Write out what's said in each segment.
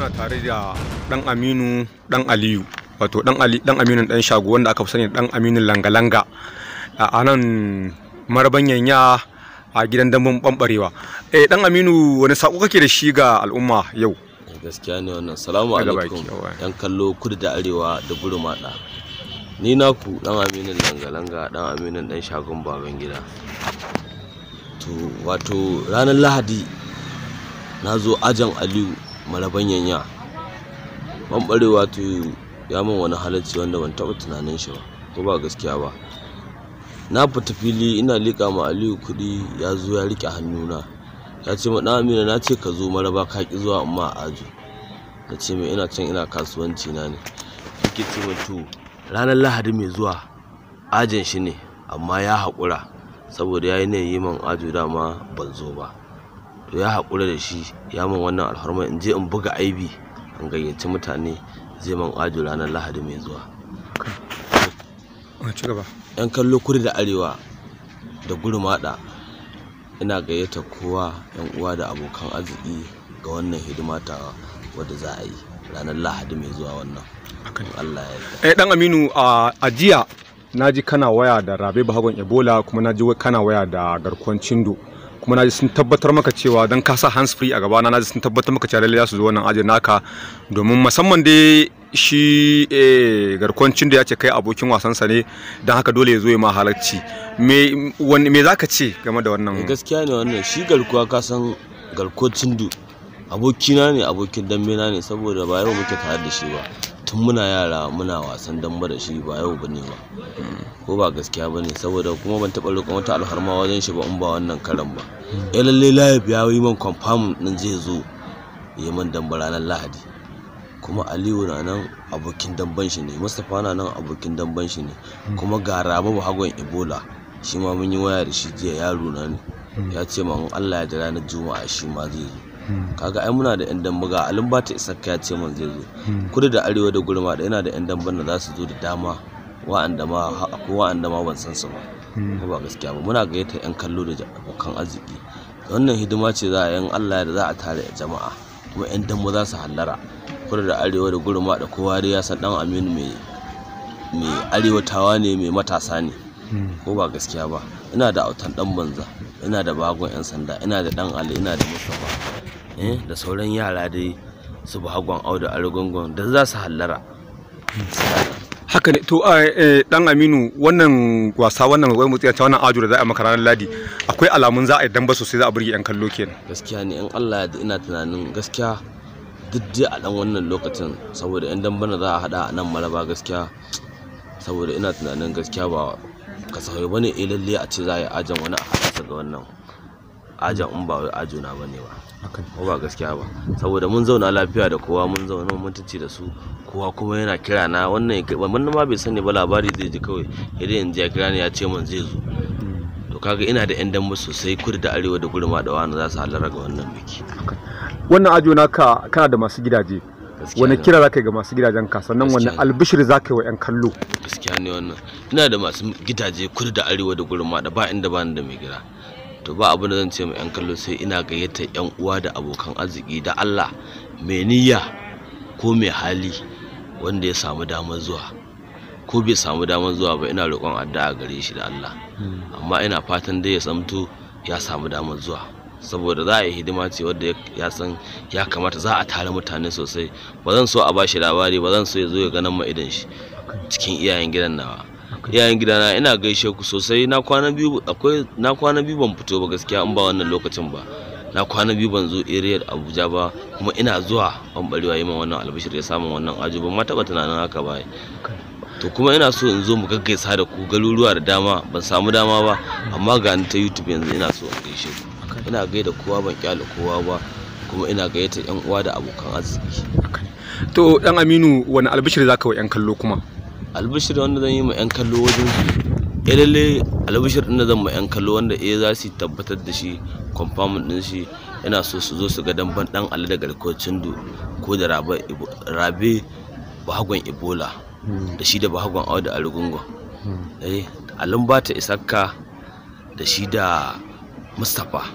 muna tare da dan aminu dan aliyu wato dan ali dan aminu dan shago wanda aka fi sani dan aminu langa-langa a nan maraban yanya a gidan dambun bambarewa eh dan aminu wani sako kake da shi ga al'umma yau gaskiya ne wannan salamu alaikum yan kallo kudu da arewa da da ni naku dan aminu langalanga langa dan aminu dan shagon baban gida to wato ranar lahadi na zo ajan aliyu marabanyan ya ɓanɓarewa to ya min wani halarci wanda ban taɓa tunanin shi ba ko ba gaskiya ba na fita fili ina liƙa ma aliyu kuɗi ya zo ya riƙe hannuna ya ce ɗan amina na ce ka zo maraba ka ƙi zuwa amma a ajo na ce mai ina can ina kasuwanci na ne yake ce mai to ranar lahadi mai zuwa ajin shi ne amma ya haƙura saboda ya yi ne yi man ajo dama ban zo ba to ya haƙura da shi ya min wannan alfarma in je in buga aibi in gayyaci mutane zai man ajo ranar lahadi mai zuwa yan kallo kuri da arewa da gurmada ina gayyata kowa yan uwa da abokan arziki ga wannan hidima ta wadda za a yi ranar lahadi mai zuwa wannan Allah eh, dan aminu a jiya na ji kana waya da rabe bahagon ebola kuma na ji kana waya da garkuwan cindo kuma na ji sun tabbatar maka cewa don ka sa hands free a gaba na ji sun tabbatar maka cewa lallai su zo wannan ajin naka domin musamman dai shi eh, garkwancin da ya ce kai abokin wasansa ne don haka dole ya zo ya ma halarci me za ka ce game da wannan eh, gaskiya ne wannan shi garkuwa ka san garkwancin du abokina ne abokin dambe na ne saboda ba yau muke tare da shi ba tun muna yara muna wasan dambe da shi ba yau bane ba ko ba gaskiya bane saboda kuma ban taba roƙon wata alharma wajen shi ba in ba wannan karan ba ya hmm. eh, lalle layif ya yi man kwamfam nan zai zo ya man damba ranar lahadi kuma aliyu na nan abokin damban shi ne mustapha na nan abokin damben shi ne hmm. kuma ga babu hagon ebola shi ma mun yi waya da shi jiya yaro na ne hmm. ya ce ma allah ya da ranar juma'a shi ma zai zo kaga ai muna da yan damba ga alin ba ta isa ya ce man zai zo kudu da arewa da gurma da yana da yan damban da za su zo da dama wa'anda ma akwai wa'anda ma ban san su ba ko ba gaskiya ba muna gayyata yan kallo da abokan arziki wannan hidima ce za a yan Allah da za a tare jama'a kuma yan damba za su hallara kudu da arewa da gurma da kowa ya san dan Aminu mai mai arewatawa ne mai matasa ne ko ba gaskiya ba ina da autan dan banza ina da bagon yan sanda ina da dan ali ina da mustafa Eh, da sauran yara dai su bahagon audu argungun da za su hallara haka ne to eh, dan aminu wannan wasa wannan wai ya ce wannan ajo da za a maka ranar ladi akwai alamun za a yi damba sosai za a burge yan kallo kenan gaskiya ne in Allah ya ina tunanin gaskiya duk a dan wannan lokacin saboda yan bana za a hada a nan maraba gaskiya saboda ina tunanin gaskiya ba kasafai bane eh lalle a ce za a yi ajan wani a haɗa ga wannan aja in ba ajo na bane ba ko ba gaskiya ba saboda mun zauna lafiya da kowa mun zauna mutunci da su kowa kuma yana kira na wannan mun ma bai sani ba labari zai ji kawai idan yanzu ya kira ni ya ce mun zai zo to kaga ina da yan dambe sosai kudu da arewa da gurma da wani za su halara ga wannan biki wannan ajo naka kana da masu gidaje wani kira za ka ga masu gidajen ka sannan wani albishir za ka yi wa 'yan kallo gaskiya ne wannan ina da masu gidaje kudu da arewa da gurma da ba inda ba ni da mai gida to ba abin da zan ce ma 'yan kallo sai ina gayyata 'yan uwa da abokan arziki da Allah mai niyya ko mai hali wanda ya samu damar zuwa ko bai samu damar zuwa ba ina roƙon addu'a gare shi da Allah hmm. amma ina fatan dai ya samto ya samu damar zuwa saboda za a yi hidima ce wadda ya san ya kamata za a tare mutane sosai ba zan so a bashi labari ba zan so ya zo ya ganin ma idan shi cikin iyayen gidan nawa ya'yan gidana ina gaishe ku sosai na kwana biyu akwai na kwana biyu ban fito ba gaskiya in ba wannan lokacin ba na kwana biyu ban zo area Abuja ba kuma ina zuwa an barewa yi wannan albashir ya samu wannan ajo ban ma taba tunanin haka ba to kuma ina so in zo mu gaggaisa da ku garuruwa da dama ban samu dama ba amma ga ni ta YouTube yanzu ina so in gaishe ku ina gaida kowa ban kyale kowa ba kuma ina gayyata yan uwa da abokan arziki to dan Aminu wani albashir zaka wa yan kallo kuma albishir wanda zan yi ma 'yan kallo wajen ya eh lalle albishir ɗin da zan ma 'yan kallo wanda eh za su tabbatar da shi confirm ɗin shi yana so su zo su ga ban ɗan ali da kocin du ko da rabe bahagon ebola da shi da bahagon awa da arugungo hmm. eh alin bata isakka da shi da mustapha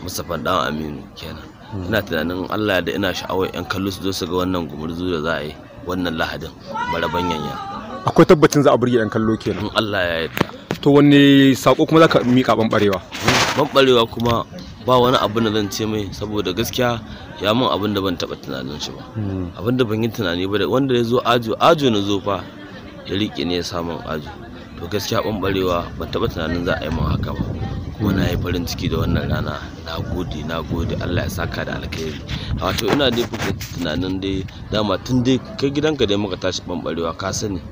mustapha dan aminu kenan hmm. ina tunanin allah da ina sha'awar 'yan kallo su zo su ga wannan gumurzu da za a yi wannan lahadin maraban yanya akwai tabbacin za a burge yan kallo kenan Allah ya yarda to wanne sako kuma zaka mika banbarewa banbarewa kuma ba wani abin da zan ce mai saboda gaskiya ya mun abin da ban taba tunanin shi ba hmm. abin da ban yi tunani ba wanda ya zo ajo ajo na zo fa ya rike ne ya samun ajo to gaskiya banbarewa ban taba tunanin za a yi mun haka ba muna yi farin ciki da wannan rana na gode na gode allah ya saka da alkhairi wato ina dai fuka tunanin dai dama tun dai kai gidanka dai muka tashi bambarewa ka sani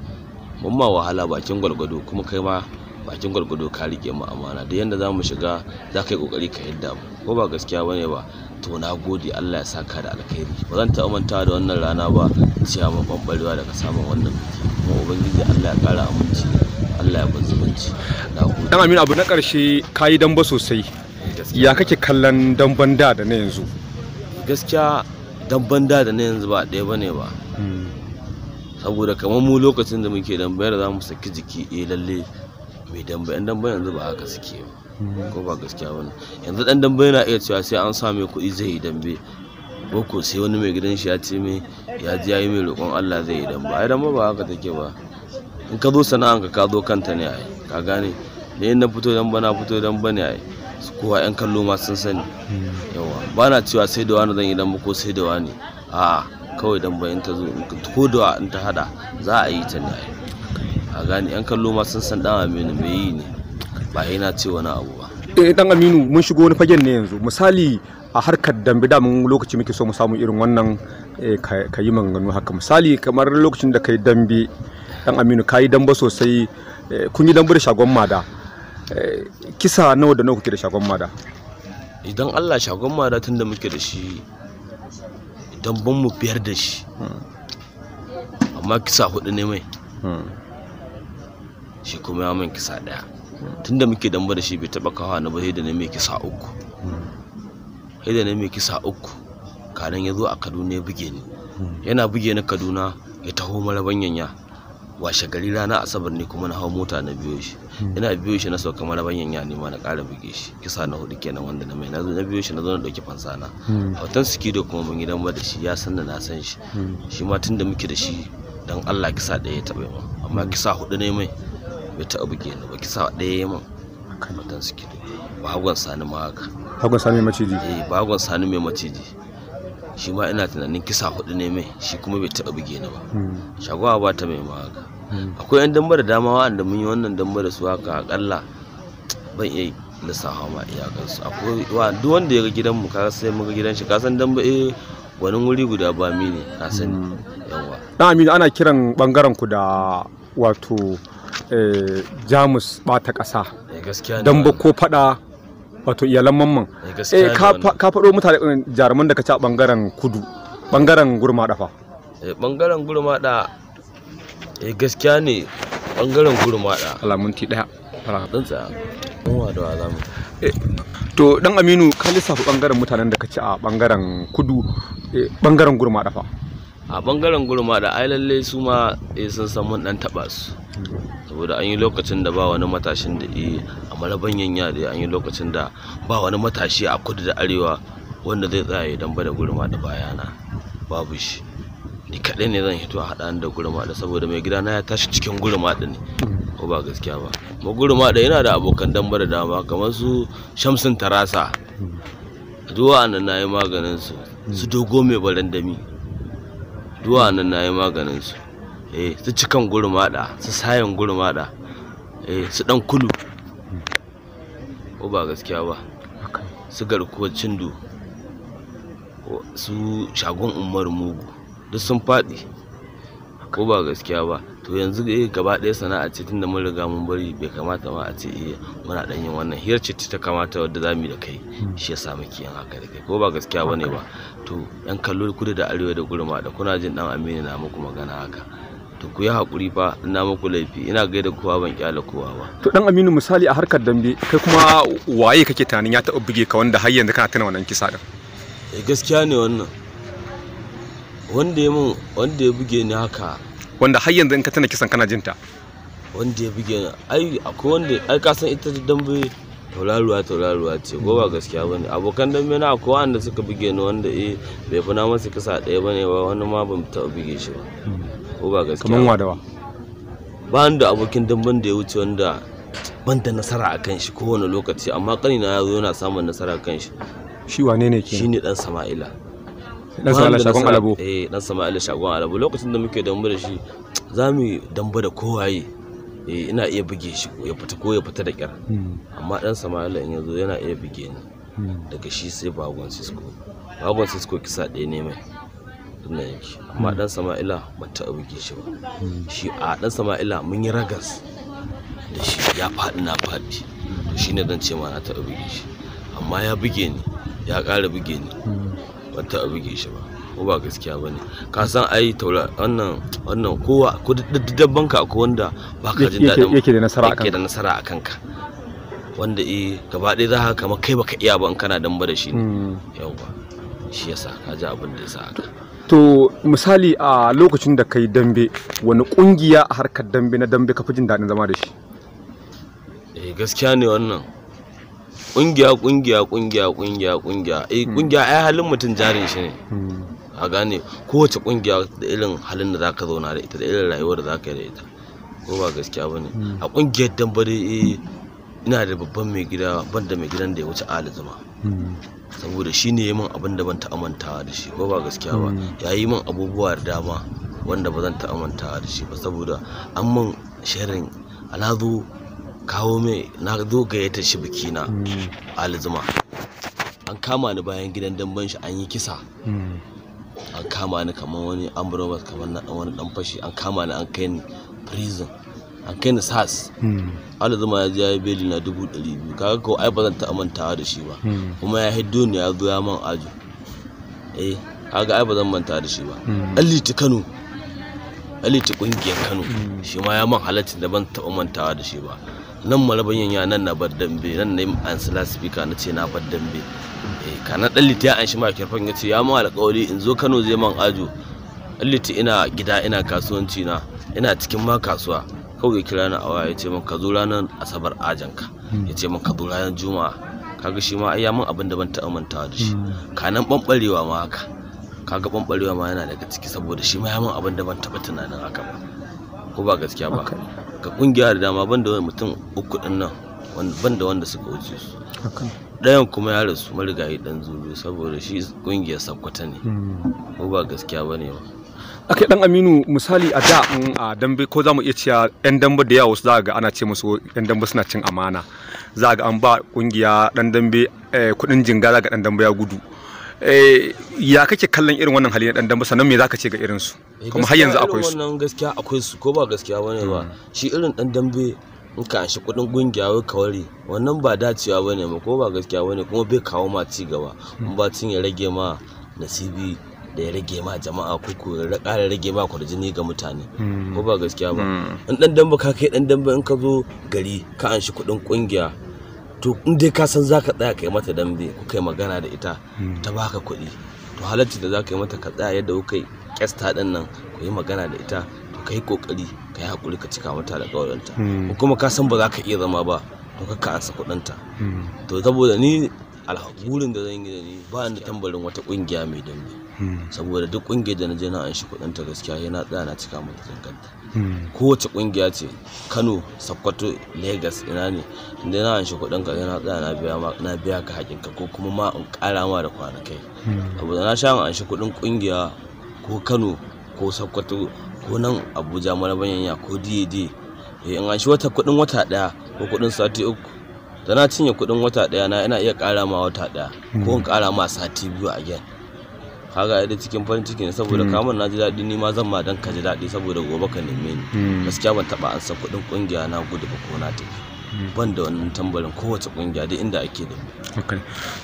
mun ma wahala bakin gwalgwado kuma kai ma bakin gwalgwado ka rike mu amana da yanda zamu shiga za ka yi kokari ka yadda mu ko ba gaskiya bane ba to na gode Allah ya saka da alkhairi ba zan taɓa mantawa da wannan rana ba ciya mu bambarewa daga samun wannan kuma ubangiji Allah ya kara aminci Allah ya ba zumunci dan Aminu abu na karshe kayi damba sosai ya kake kallon damban da da na yanzu gaskiya damban da da na yanzu ba ɗaya bane ba hmm. saboda kamar mu lokacin da muke yadda za mu saki jiki eh lalle mai damba yan damba yanzu ba haka suke hmm. ko ba gaskiya ne, yanzu dan damba yana iya cewa sai an sa kuɗi zai yi dambe boko sai wani mai gidan shi ya ce mai ya ji yi mai roƙon Allah zai yi damba ai damba ba haka take ba in ka zo sana'an ka ka zo kanta ne ai ka gane ne na fito dan bana fito dan bane ai kowa yan kallo ma sun sani hmm. yawa na cewa sai da wani zan yi dan ko sai da wani a kawai dan bayan ta zo ko da in ta hada za a yi ta ne ai a gane yan kallo ma sun san dan aminu me yi ne ba yana ce wani abu ba eh dan aminu mun shigo wani fagen ne yanzu misali a harkar dambe da mun lokaci muke so mu samu irin wannan eh, ka yi maganganu haka misali kamar lokacin da kai dambe dan aminu yi damba sosai eh, kun yi damba da shagon mada eh, kisa nawa da nawa kuke da shagon mada idan allah shagon mada tun da muke da shi damban mu biyar da shi hmm. amma kisa hudu ne mai hmm. shi kuma ya min kisa daya tun da muke damba da shi bai taba kawa na ba da ne mai kisa uku hmm. da ne mai kisa uku kanan ya zo a kaduna ya buge ni yana buge ni kaduna ya taho marabanyan ya washe gari rana asabar ne kuma na hau mota na biyo shi hmm. ina biyo shi na sau kamar banyan ya ma na ƙara buge shi kisa na hudu kenan wanda na mai na zo na biyo shi na zo na ɗauki fansa na a hmm. watan sikido kuma mun yi dan da shi ya san da na san shi hmm. shi ma tun da muke da shi dan Allah kisa ɗaya ya taɓa mu amma kisa hudu ne mai bai taɓa buge ni ba kisa ɗaya ya mun kan watan sikido bagon sani ma haka bagon sani mai maciji eh bagon sani mai maciji shi ma ina tunanin kisa hudu ne mai shi kuma bai taɓa buge ni ba shagowa ba ta mai ma haka akwai yan damba da dama wa'anda mun yi wannan damba da su haka akalla ban iya lissafa ma iyakansu akwai wa duk wanda ya ga mu ka sai muka gidan shi ka san damba eh wani wuri guda ba mi ne ka sani mm. yawa dan amina ana kiran bangaren ku da wato eh, jamus bata kasa damba ko fada wato iyalan mamman eh, eh ka fado mutane jaruman da ka ci a bangaren kudu bangaren gurma dafa bangaren eh, gurma da eh gaskiya ne bangaren da alamunti daya dan tsaya kuma da wa zamu eh, to dan aminu ka lissafa bangaren mutanen da kace a bangaren kudu bangaren eh, da fa a bangaren da ai lalle su ma eh, sun san mun dan taba su saboda an yi lokacin da ba wani matashin da yi a maraban yanya da an yi lokacin da ba wani matashi a kudu da arewa wanda zai tsaya ya damba da gurma da bayana babu shi ni kaɗai ne zan hito a haɗa da da saboda mai gida na ya tashi cikin gurmaɗa ne ko ba gaskiya ba ma da yana da abokan damba da dama kamar su shamsin tarasa duwa nan na yi maganin su su dogo mai barandami duwa nan na yi maganin su eh su cikan da su sayan da eh su ɗan kulu ko ba gaskiya ba su garkuwar cindu su shagon umar mugu duk sun faɗi ko ba gaskiya ba to yanzu ga gaba ɗaya sana'a ce tunda mun riga mun bari bai kamata ma a ce iya eh, muna dan yin wannan hiyar ce ta kamata wadda yi da kai hmm. shi yasa muke yin haka da kai ko ba gaskiya bane ba to yan kallo kudu da arewa da gurma da kuna jin dan Aminu na muku magana haka to ku yi hakuri fa ina muku laifi ina gaida kowa ban kyala kowa ba to dan Aminu misali a harkar dambe kai kuma waye kake tanin ya taɓa buge ka wanda har yanzu kana tana wannan kisa din eh, gaskiya ne wannan wanda ya mun wanda ya buge ni haka wanda har yanzu in ka tana kisan kana jinta wanda ya buge ni ai akwai wanda ai ka san ita da dambe tauraruwa tauraruwa ce ko ba gaskiya bane abokan dambe na akwai wanda suka buge ni wanda eh bai fi na masa kisa ɗaya bane ba wani ma ban taɓa buge shi ba ko ba gaskiya kaman wadawa ba da abokin dambe da ya wuce wanda ban da nasara a kan shi kowane lokaci amma kanina ya zo yana samun nasara a kan shi shi wane ne ke shi ne dan sama'ila dan sama shagon alabo eh dan sama ala shagon alabo lokacin da muke dambe da shi za mu dambe da kowaye eh ina iya buge shi ya fita ko ya fita da kyar hmm. amma dan sama ala in yazo yana iya buge ni hmm. daga shi sai bagon cisco bagon cisco kisa ɗaya ne mai na yanki amma hmm. dan sama'ila ban taɓa buge shi ba shi a dan sama'ila mun yi ragas da shi ya faɗi na faɗi to shine zan ce ma na taɓa buge shi amma ya buge ni ya ƙara buge ni wata a buge shi ba ko ba gaskiya ba ne ka san ai taura wannan wannan kowa ko dabban ka ko wanda ba ka jin daɗin yake da nasara akan yake da nasara a kanka wanda eh gaba ɗaya za ka kama kai baka iya ba in kana damba da shi ne hmm. yauwa shi yasa ka ji abin da yasa haka to misali a lokacin da kai dambe wani kungiya a harkar dambe na dambe ka fi jin daɗin zama da shi eh gaskiya ne wannan kungiya kungiya kungiya kungiya kungiya eh hmm. kungiya ai halin mutum jarin shi ne hmm. a gane kowace kungiya da irin halin da zaka zauna da ita da irin rayuwar da zaka yi da ita ko ba gaskiya bane hmm. a kungiyar dambare eh ina da babban mai gida ban da mai gidan da ya wuce Ali saboda shi ne min abin da ban ta amantawa da shi ko ba gaskiya ba ya yi min abubuwa da dama wanda ba zan ta amantawa da shi ba saboda an min shirin alazo kawo mai na zo gayyata shi biki na mm. alizuma an kama ni bayan gidan damban shi an yi kisa mm. an kama ni kamar wani ambrobat kamar na wani dan fashi an kama ni an kai ni prison an kai ni sas mm. alizuma ya ji ya yi beli na dubu ɗari biyu kaga ko ai ba zan taɓa mantawa da shi ba kuma ya hiddo ni ya zo ya man ajo eh kaga ai ba zan manta da shi ba ta kano ta kungiyar kano shi ma ya man halatta da ban taɓa mantawa da shi ba nan malaban yanya nan na bar dambe nan na yi ansila speaker na ce na bar dambe eh, kana dan litiya an shi ma kirfan ya ce ya mu alƙawari in zo Kano zai man ajo liti ina gida ina kasuwanci na ina cikin ma kasuwa kawai ya kira ni awa ya ce min ka zo ranar asabar ajanka hmm. ya ce min ka zo ranar juma'a kaga shi ma ai ya mun abin da ban ta amintawa da shi hmm. kanan bambarewa ma haka kaga bambarewa ma yana daga ciki saboda shi ma ya mun abin da ban taɓa tunanin haka ba ko ba gaskiya ba ka kungiya da dama ban da mutum uku din nan ban wanda suka wuce su ɗayan kuma ya rasu marigayi ɗan zuru saboda shi kungiyar sakwata ne hmm. ko ba gaskiya ba ne ba ake dan aminu misali a da mm, a dambe ko za mu iya cewa yan dambe da yawa wasu za ga ana ce musu yan dambe suna cin amana za ga an ba kungiya dan dambe eh, kudin jinga za ga dan dambe ya gudu Eh, ya kake kallon irin wannan hali na dan damba sannan me zaka ce ga irin su eh, kuma har yanzu akwai su wannan gaskiya akwai su ko ba gaskiya bane ba hmm. shi irin dan dambe in ka shi kudin gungiya wai kawari wannan ba dacewa bane ma ko ba gaskiya bane kuma bai kawo ma ci gaba hmm. in ba tun ya rage ma nasibi da ya rage ma jama'a ko ya kara rage ma kwarjini ga mutane hmm. ko ba gaskiya ba in dan damba ka kai dan damba in ka zo gari ka an shi kudin kungiya to in dai ka san zaka tsaya kai mata dambe ku kai magana da ita hmm. ta baka kuɗi to halarci da zaka yi mata ka tsaya yadda kuka yi kyasta din nan ku yi magana da ita to kai kokari kai hakuri ka cika mata da hmm. ko kuma ka san ba za ka iya zama ba to ka ansa kuɗinta hmm. to saboda ni alhakurin da zan yi da ni ba ni da tambarin wata ƙungiya mai dambe saboda duk kungiyar da na je na an shi kudin ta gaskiya ya na tsaya na cika mata zankanta hmm. kowace kungiya ce Kano Sokoto Lagos ina ne inda na an shi kudin ka na tsaya na biya ka hakin ka ko kuma ma in kara ma da kwanakai hmm. saboda na sha an shi kudin kungiya ko Kano ko Sokoto ko nan Abuja Marabanyanya ko DD eh, in an shi wata kudin wata daya ko kudin sati uku da na cinye kudin wata daya na ina iya kara ma wata daya ko in kara hmm. ma sati biyu a gyan kaga ai cikin farin ciki ne saboda hmm. kamar na ji daɗi ni ma zan ma dan ka ji daɗi saboda gobe ka neme ni hmm. gaskiya ban taɓa ansa kuɗin ƙungiya na gudu ba ko na tafi hmm. ban da wannan tambarin kowace kungiya da inda ake da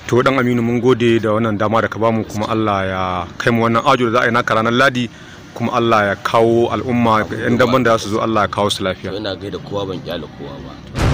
to dan aminu mun gode da wannan dama da ka bamu kuma Allah ya kai mu wannan ajo da za a yi naka ranar ladi kuma Allah ya kawo al'umma yan daban da su zo Allah ya kawo su lafiya ina gaida kowa ban kyale kowa ba